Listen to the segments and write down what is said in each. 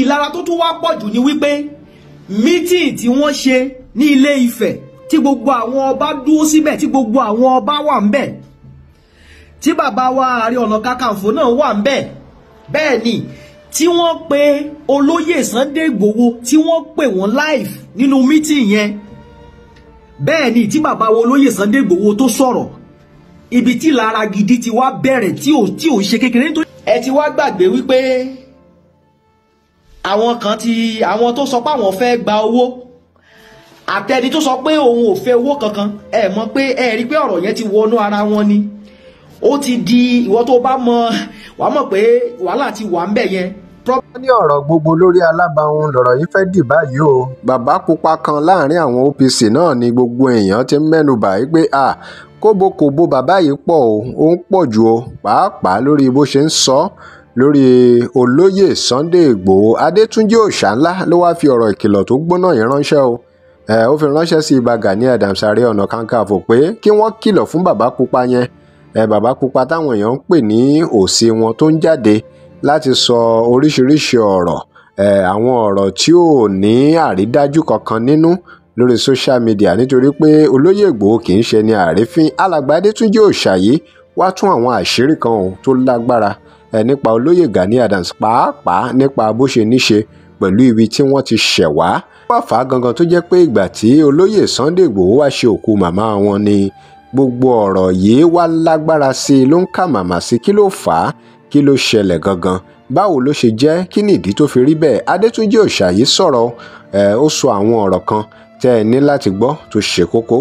ìlara tó tún wá pọ̀ jù ni wípé mítìn tí wọ́n ṣe ní ilé Ifẹ̀ tí gbogbo àwọn ọba dúró síbẹ̀ tí gbogbo àwọn ọba wà ń bẹ̀ tí bàbá wa Ààrẹ Ọ̀nà Kakanfò náà wà ń bẹ̀ bẹ́ẹ̀ ni tí wọ́n pe olóyè Sunday Igboho tí wọ́n pè wọ́n live nínú mítìn yẹn bẹ́ẹ̀ ni tí bàbá wa olóyè Sunday Igboho tó sọ̀rọ̀ ibi tí lára gidi ti wá bẹ̀rẹ̀ tí ò tí ò ṣe kékeré nítorí ẹ ti wá gbàgbé wípé àwọn kan ti àwọn tó sọ pé àwọn fẹ́ gba owó àtẹni tó sọ pé òun ò fẹ́ owó kankan ẹ mọ̀ pé ẹ rí pé ọ̀rọ̀ yẹn ti wọnú ara wọn ni ó ti di ìwọ tó bá mọ̀ wàá mọ̀ pé wàhálà ti wà ń bẹ̀ yẹn wọ́n ní ọ̀rọ̀ gbogbo lórí alábàáhùn lọ̀rọ̀ yìí fẹ́ dì báyìí o. bàbá pupa kan láàrin àwọn OPC náà ni gbogbo èèyàn ti ń mẹ́nu bà pé à kóbokòbo bàbá yìí pọ̀ o ó ń pọ̀ jù o pàápàá lórí bó ṣe ń sọ ọ́ lórí olóyè sunday igbòho adétúnjì òṣàńlá ló wáá fi ọ̀rọ̀ ìkìlọ̀ tó gbóná yìí ránṣẹ́ o ó fi ránṣẹ́ sí ibà gani adams ààrẹ ọ̀nà kakanfò pé kí wọ́n kìlọ̀ fún bàbá pupa yẹn bàbá pupa táwọn èèyàn ń pè ní òsì wọn tó ń jáde láti sọ oríṣiríṣi ọ̀rọ̀ àwọn ọ̀rọ̀ tí ò ní àrídájú kankan nínú lórí social media nítorí pé olóyè igbòho kì í ṣe ni àrífín alàgbà adétúnjì òṣàyí wá tún àwọn àṣírí kan tó lágbára ẹ̀ eh, nípa olóyè Gani Adams pàápàá nípa bó ṣe níṣe pẹ̀lú ibi tí wọ́n ti ṣẹ̀ wá. wọ́n fà á gangan tó jẹ́ pé ìgbà tí olóyè Sunday Igboho wá ṣe òkú màmá wọn ni gbogbo ọ̀rọ̀ yìí wá lágbára sí i ló ń kà màmá sí kí ló fà á kí ló ṣẹlẹ̀ gangan báwo ló ṣe jẹ́ kí nìdí tó fi rí bẹ́ẹ̀ Adétúnjí Òṣàyí sọ̀rọ̀ ẹ̀ eh, ó sọ àwọn ọ̀rọ̀ kan tẹ́ ẹ ní láti gbọ́ tó ṣe kókó.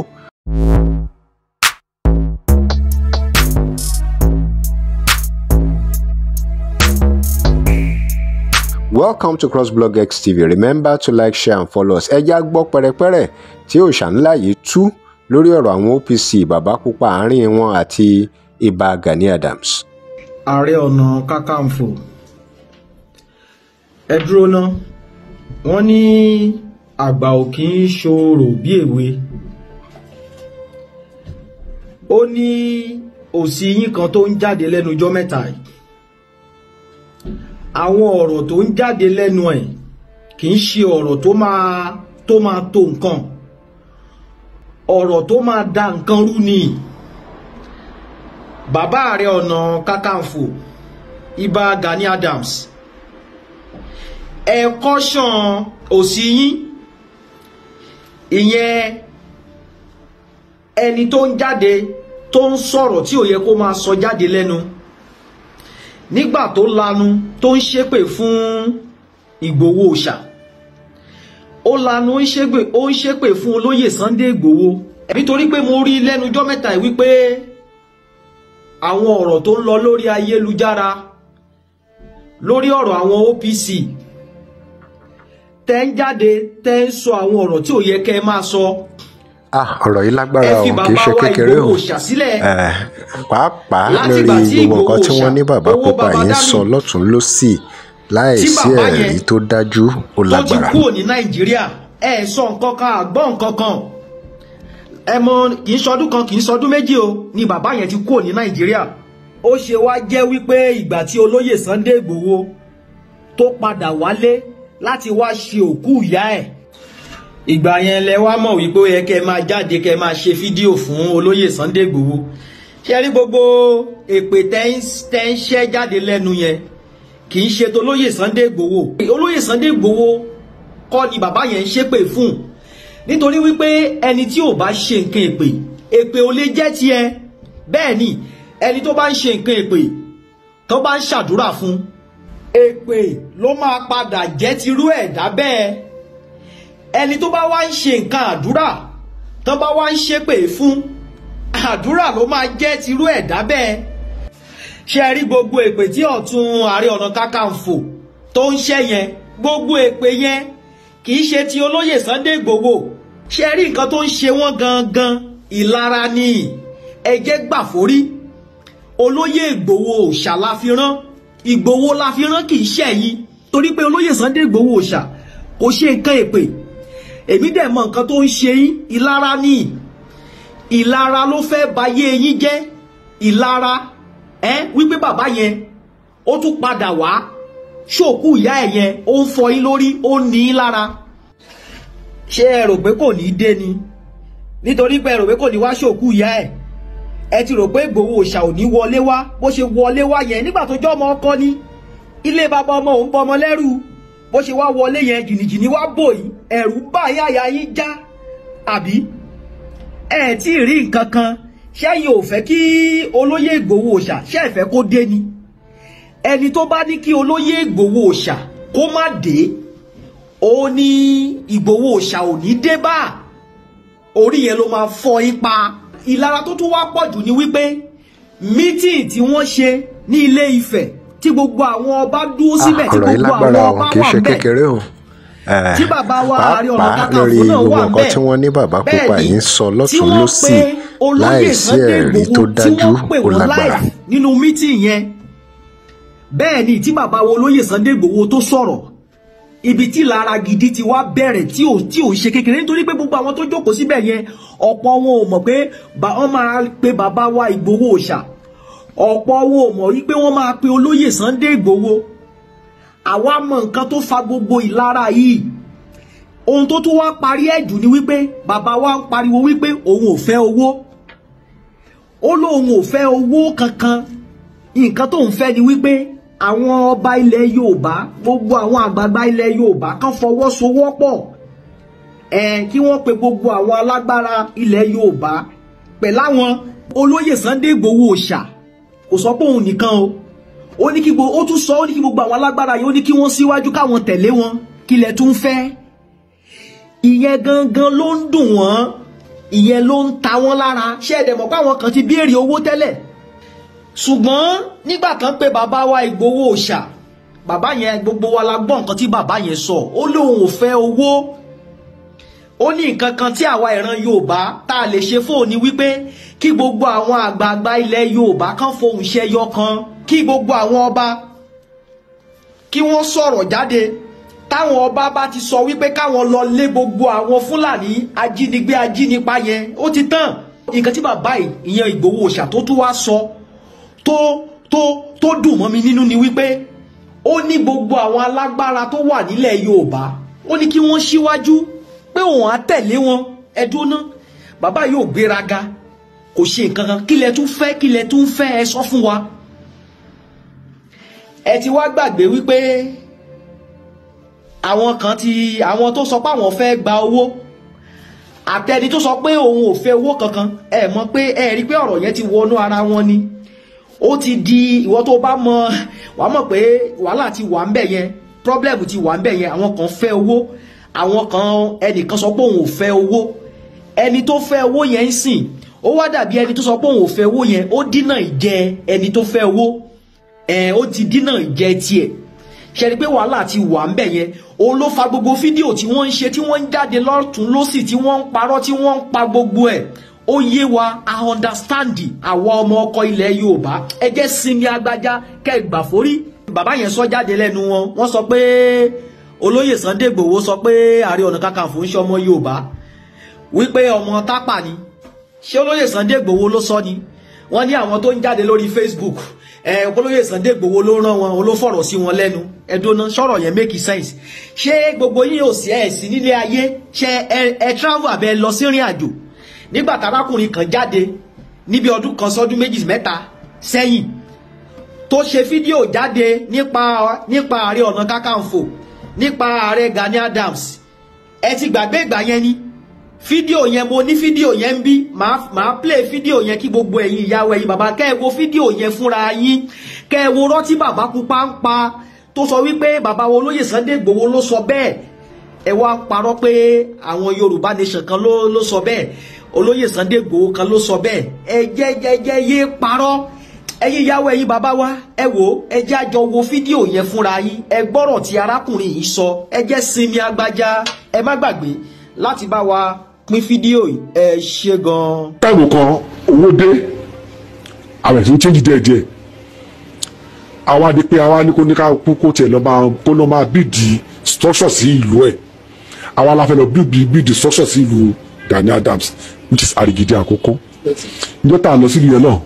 welcome to crossblog x tv remember to like share and follow us ẹja gbọ́ pẹ́rẹ́pẹ́rẹ́ tí òòṣà ńlá yìí tú lórí ọ̀rọ̀ àwọn OPC bàbá pupa àárín wọn àti Ìbà Gani Adams. ààrẹ ọ̀nà kákàǹfò ẹ dúró ná wọ́n ní àgbà ò kì í ṣòro bí èwe ó ní òsì yín kan tó ń jáde lẹ́nu ọjọ́ mẹ́ta yìí àwọn ọ̀rọ̀ tó ń jáde lẹ́nu ẹ̀ kì í ṣe ọ̀rọ̀ tó máa tó máa tó nǹkan ọ̀rọ̀ tó máa da nǹkan rú ni bàbá Ààrẹ Ọ̀nà Kakanfò Ìbà Gani Adams ẹ kọ́ṣàn òsì yín ìyẹn ẹni tó ń jáde tó ń sọ̀rọ̀ tí ò yẹ kó máa sọ jáde lẹ́nu. No nígbà tó lanu tó ń ṣépè fún Ìgbòho Òòṣà ó lanu ó ń ṣépè fún olóyè Sunday Ìgbòho nítorí pé mo rí lẹ́nujọ́ mẹ́ta yìí wípé àwọn ọ̀rọ̀ tó ń lọ lórí ayélujára lórí ọ̀rọ̀ àwọn OPC tẹ́ ń jáde tẹ́ ń sọ àwọn ọ̀rọ̀ tí ò yẹ kẹ́ ẹ máa sọ. So ọ̀rọ̀ yìí lágbára òun kì í ṣe kékeré òun pàápàá lórí gbogbo nǹkan tí wọ́n ní bàbá pupa yìí ń sọ lọ́tún lọ́sì láìsí ẹ̀rí tó dájú ó lágbára. tó ti kúrò ní nàìjíríà ẹ sọ nǹkan kan àgbọ́ nǹkan kan ẹ mọ kì í sọdún kan kì í sọdún méjì o ni bàbá yẹn ti kúrò ní nàìjíríà ó ṣe wá jẹ́ wípé ìgbà tí olóyè Sunday Igboho tó padà wálé láti wá ṣe òkú ìyá ẹ̀ ìgbà yẹn lẹ wá mọ̀ wípé ó yẹ kẹ́ máa jáde kẹ́ máa ṣe fídíò fún olóyè Sunday Igboho ṣe rí gbogbo èpè tẹ́ ń ṣẹ́ jáde lẹ́nu yẹn kì í ṣe tolóyè Sunday Igboho olóyè Sunday Igboho kọ́ ni bàbá yẹn ń ṣépè fún nítorí wípé ẹni tí ò bá ṣe nǹkan èpè èpè ò lè jẹ́ tiẹ̀ bẹ́ẹ̀ ni ẹni tó bá ń ṣe nǹkan èpè tó bá ń ṣàdúrà fún èpè ló máa padà jẹ́ tirú ẹ̀dá bẹ́ẹ̀ ẹni tó bá wá ń ṣe nǹkan àdúrà tán bá wá ń ṣépè fún àdúrà ló máa jẹ́ tirú ẹ̀dá bẹ́ẹ̀ ṣe rí gbogbo èpè tí ọ̀tún ààrẹ ọ̀nà kákàǹfò tó ń ṣẹ́ yẹn gbogbo èpè yẹn kì í ṣe ti olóyè Sunday Igboho ṣe rí nǹkan tó ń ṣe wọ́n gangan ìlara ni ẹjẹ́ gbà forí olóyè Ìgbòho òòṣà la fi rán Ìgbòho la fi rán kì í ṣẹ̀yìn torí pé olóyè Sunday Igboho òòṣà kò ṣe nǹkan èpè èmi dẹ̀ mọ nǹkan tó ń ṣe yín ìlara ni ìlara ló fẹ́ bayé yín jẹ́ ìlara ẹ wípé bàbá yẹn ó tún padà wá ṣòkú ìyá ẹ̀ yẹn ó ń fọ yín lórí ó ń ní yín lára ṣé ẹ rò pé kò ní í dé ni nítorí pé ẹ rò pé kò ní wá ṣòkú ìyá ẹ̀ ẹ ti rò pé Ìgbòho òòṣà ò ní wọlé wá bó ṣe wọlé wá yẹn nígbà tó jọ́ ọmọ ọkọ ni ilé bàbá ọmọ òun bọ ọmọ lẹ́rù bó ṣe wá wọlé yẹn jìnnìjìnnì wá bò yìí ẹ̀rù bà yáyà yín já àbí ẹ̀ tí ì rí nǹkan kan ṣẹ́yìn ò fẹ́ kí olóyè Ìgbòho Òòṣà ṣe é fẹ́ kó dé ni ẹni tó bá ní kí olóyè Ìgbòho Òòṣà kó má dé òun ni Ìgbòho Òòṣà ò ní dé bá orí yẹn ló máa fọ ipa ìlara tó tún wá pọ̀jù ni wípé mítìn tí wọ́n ṣe ní Ilé Ifẹ̀ tí gbogbo àwọn ọba dúró síbẹ̀ tí gbogbo àwọn ọba wà bẹ́ẹ̀ eh, tí bàbá wa Ààrẹ Ọ̀nà Kakanfò náà wà bẹ́ẹ̀ tí wọ́n ní bàbá pupa yìí ń sọ lọ́tún lọ́sì láìsí ẹ̀rí tó dájú ó lágbára. nínú mítì yẹn bẹ́ẹ̀ ni tí bàbá wo olóyè Sunday Igboho tó sọ̀rọ̀ ibi tí lára gidi ti wá bẹ̀rẹ̀ tí ò tí ò ṣe kékeré nítorí pé gbogbo àwọn tó jókòó síbẹ̀ yẹn ọ̀pọ̀ wọn ò mọ̀ pé wọ́n máa pe bàbá wa Ìgbòho òòṣà ọ̀pọ̀ owó mọ̀ wípé wọ́n máa pe olóyè Sunday Ìgbòho àwa mọ nǹkan tó fa gbogbo ìlara yìí ohun tó tún wá parí ẹ̀jù ni wípé bàbá wa ń pariwo wípé òun ò fẹ́ owó ó lóun ò fẹ́ owó kankan nǹkan tóun fẹ́ ni wípé àwọn ọba ilẹ̀ Yorùbá gbogbo àwọn àgbààgbà ilẹ̀ Yorùbá kan fọwọ́sowọ́pọ̀ ẹ̀ kí wọ́n pe gbogbo àwọn alágbára ilẹ̀ Yorùbá pẹ̀láwọn olóyè Sunday Ìgbòho òòṣà kò sọ pé òun nìkan o ó ní kí gbogbo ó tún sọ ó ní kí gbogbo àwọn alágbára yìí ó ní kí wọ́n síwájú káwọn tẹ̀lé wọn kílẹ̀ tún fẹ́ ìyẹn gangan ló ń dùn wọ́n ìyẹn ló ń ta wọ́n lára ṣé ẹ̀dẹ̀ mọ̀ pé àwọn kan ti béèrè owó tẹ́lẹ̀ ṣùgbọ́n nígbà kan pé bàbá wa Ìgbòho Òòṣà bàbá yẹn gbogbo wa la gbọ́ nǹkan tí bàbá yẹn sọ ó lóun ò fẹ́ owó ó ní nǹkan kan tí àwa ìran Yorùbá tá a lè ṣe fóun ni wípé kí gbogbo àwọn àgbààgbà ilẹ̀ Yorùbá kan fohùn ṣẹyọ kan kí gbogbo àwọn ọba kí wọ́n sọ̀rọ̀ jáde táwọn ọba bá ti sọ wípé káwọn lọ lé gbogbo àwọn Fúlàní ajínigbé ajínipa yẹn ó ti tán nǹkan tí bàbá ìyẹn Ìgbòho Òòṣà tó tún wá sọ tó tó tó dùn mọ́ mi nínú ni wípé ó ní gbogbo àwọn alágbára tó wà nílẹ̀ Yorùbá ó ní kí wọ́n síwájú pé òun á tẹ̀lé wọn ẹdún náà bàbá yóò gbéraga kò ṣe nǹkan kan kílẹ̀ tún fẹ́ kílẹ̀ tún fẹ́ ẹ sọ fún wa ẹ ti wá gbàgbé wípé àwọn kan ti àwọn tó sọ pé àwọn fẹ́ gba owó àtẹni tó sọ pé òun ò fẹ́ owó kankan ẹ mọ̀ pé ẹ rí pé ọ̀rọ̀ yẹn ti wọnú ara wọn ni ó ti di ìwọ tó bá mọ̀ wàá mọ̀ pé wàhálà ti wà ń bẹ̀ yẹn problem ti wà ń bẹ̀ yẹn àwọn kan fẹ́ owó àwọn kan ẹnìkan sọ pé òun ò fẹ́ owó ẹni tó fẹ́ owó yẹn ń sìn ó wá dàbí ẹni tó sọ pé òun ò fẹ́ owó yẹn ó dínà ìjẹ ẹni tó fẹ́ owó ẹ ó ti dínà ìjẹ tiẹ̀ ṣẹ́ni pé wàhálà ti wà ń bẹ̀ yẹn òun ló fa gbogbo fídíò tí wọ́n ń ṣe tí wọ́n ń jáde lọ́tún lọ́sì tí wọ́n ń parọ́ tí wọ́n ń pa gbogbo ẹ̀ ó yé wa a understand àwa ọmọ ọkọ ilẹ̀ Yorùbá ẹ jẹ́ sinmi agbájá kẹ́ ẹ gbà forí bàbá yẹn sọ jáde lẹ́nu wọn wọ́n sọ pé olóyè Sunday Igboho sọ pé Ààrẹ Ọ̀nà Kakanfò ń ṣe ọmọ Yorùbá wípé ọmọ tápà ni ṣé olóyè Sunday Igboho ló sọ ni wọ́n ní àwọn tó ń jáde lórí Facebook ẹ olóyè Sunday Igboho ló rán wọn olófọ̀rọ̀ sí wọn lẹ́nu ẹ̀dọ́nà sọ̀rọ̀ yẹn make sense ṣé gbogbo yín ò sí ẹ̀ sí nílé ayé ṣe ẹ travel àbẹ lọ sírìn àjò nígbà tárákùnrin kan jáde níbi ọdún kan sọdún méjì mẹ́ta sẹ́yìn tó ṣe fídíò jáde nípa nípa Ààrẹ Ọ̀nà Kakanfò nípa ààrẹ Gani Adams ẹ ti gbàgbé ìgbà yẹn ni fídíò yẹn mo ní fídíò yẹn ń bí màá play fídíò yẹn kí gbogbo ẹ̀yin ìyàwó ẹ̀yin bàbá kẹ́ ẹ wo fídíò yẹn fúnra yín kẹ́ ẹ wo rántí bàbá pupa ń pa tó sọ wípé bàbá wo olóyè Sunday Igboho ló sọ bẹ́ẹ̀ ẹ wá parọ́ pé àwọn Yorùbá nation kan ló sọ bẹ́ẹ̀ olóyè Sunday Igboho kan ló sọ bẹ́ẹ̀ ẹ jẹ́ jẹ́ jẹ́ yé parọ́ ẹ̀yin ìyàwó ẹ̀yin bàbá wa ẹ wò ẹ àjọ wo fídíò yẹn fúnra yín ẹ gbọ́rọ̀ tí arákùnrin yìí sọ ẹ sinmi agbájá ẹ má gbàgbé láti bá wa pín fídíò ẹ ṣe gan. táwọn kan owó dé àwọn ẹ̀sìn change díẹ̀ díẹ̀ àwa di pé àwa ní kó ní ká kú kó tiẹ̀ lọ́ọ́ máa kó lọ́ọ́ máa bíìdì structure sí ìlú ẹ̀ àwa la fẹ́ lọ bíìdì structure sí ìlú Gani Adams which is Arigidi àkókò níjọ́ tá a lọ sí ìlú yẹn náà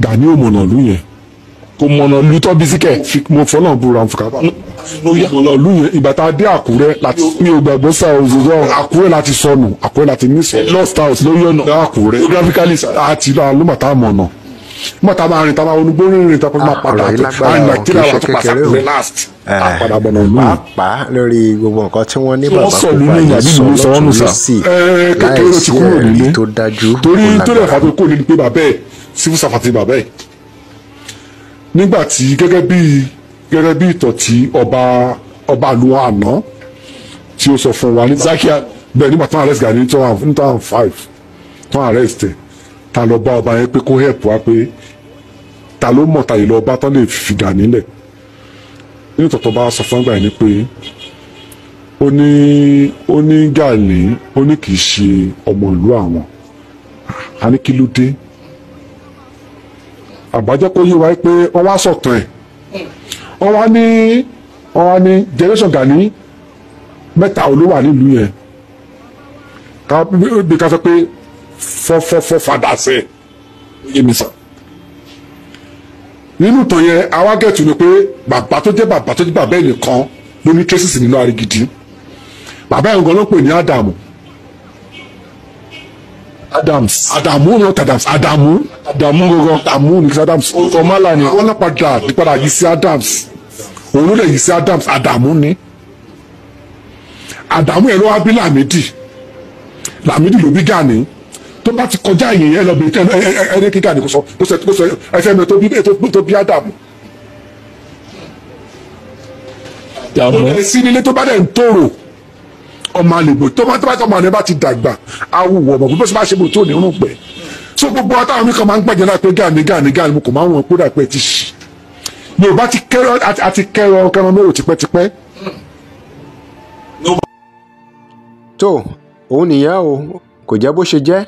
Gani ò mọ̀nà lú yẹn kò mọ̀nà lú tọ́ bisikẹ̀ mo fọ́nà búra fún kábà mọ̀nà lú yẹn ìgbà tá a dé Àkúrẹ́ láti mi ò gbàgbọ́ sá òzòzò Àkúrẹ́ láti sọnù Àkúrẹ́ láti ní sọ lost house lórí ọ̀nà Àkúrẹ́ geographically àti ìlú alómọ̀tá mọ̀nà mọ̀ tá a máa rìn tá a máa wọnú gbórí rìn tá a máa ah, eh, padà tó a nà kí làwọn àti pàṣẹ pé last àpàdà bọ̀nà lù. pàápàá lórí gbogbo nǹkan tí wọ́n ní bàbá kó bá yìí sọ lọ́tún lọ́sì láì sí eh, ẹ̀rí tó dájú. torí tó lè fà pé kò ní ní pé bàbá ẹ̀ civil servant ni bàbá ẹ̀ nígbà tí gẹ́gẹ́ bí gẹ́gẹ́ bí ìtàn tí ọba ọba àlùwà àná tí ó sọ fún wa ní Zakia bẹ́ẹ̀ nígbà tí wọ́n arrest Gani ní two thousand five tí wọ́n arrest ẹ̀ ta lọ bá ọba yẹn pé kó help wa pé ta ló mọ̀ tàyè lọ́ọ́ bá tán lè fi Gani lẹ̀ nínú tọ̀tọ̀ bá sọ fún àgbà yẹn ni pé ó ní ó ní Gani ó ní kì í ṣe ọmọ ìlú àwọn a ní kí ló dé àgbájẹ́ kó yé wa pé wọ́n wá sọ̀tàn ẹ̀ wọ́n wá ní wọ́n wá ní generation Gani mẹ́ta olúwa nílùú yẹn bí ká sọ pé fọ́fọ́fọ́ fàdà sẹ́ yé mi sàn nínú ìtàn yẹn awágẹ̀tù ni pé bàbá tó jẹ́ bàbá tó jẹ́ bàbá ẹnìkan ló ní traces nínú arigidi bàbá yẹn gan ló pè ní Ádámù adams adamu not adams adamu adamu gangan adamu ni adams ọmọlá ni wọn lápadà nípadà yìí sí adams òun ló dẹ̀ yìí sí adams adamu ni adamu yẹn ló wá bí lamidi lamidi ló bí gani tó bá ti kọjá yìnyín ẹ lọ bí ẹni kíkà ni kò sọ kò sọ kò sọ ẹsẹ mi tó bí adamu. adamu ẹ sí nílé tó bá dẹ̀ ń tòrò ọmọ àlèbò tó bá tó bá tó ọmọ àlèbò bá ti dàgbà awùwọ̀ ọmọ gbogbo sì máa ṣe bò tó nírun pẹ̀ so gbogbo àtàwọn mi kan máa ń gbàjẹ́ náà pé gàní gàní gàní mo kò máa ń wọn kódà pé ti ṣì yorùbá ti kẹrọ àti kẹrọ kẹrọ mérò tipẹ́tipẹ́. tó òun nìyẹn o kò jẹ́ bó ṣe jẹ́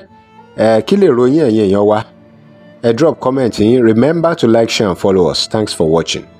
ẹ̀ kí lè ròyìn ẹ̀yin èèyàn wa ẹ drop comment yín remember to like share and follow us thanks for watching.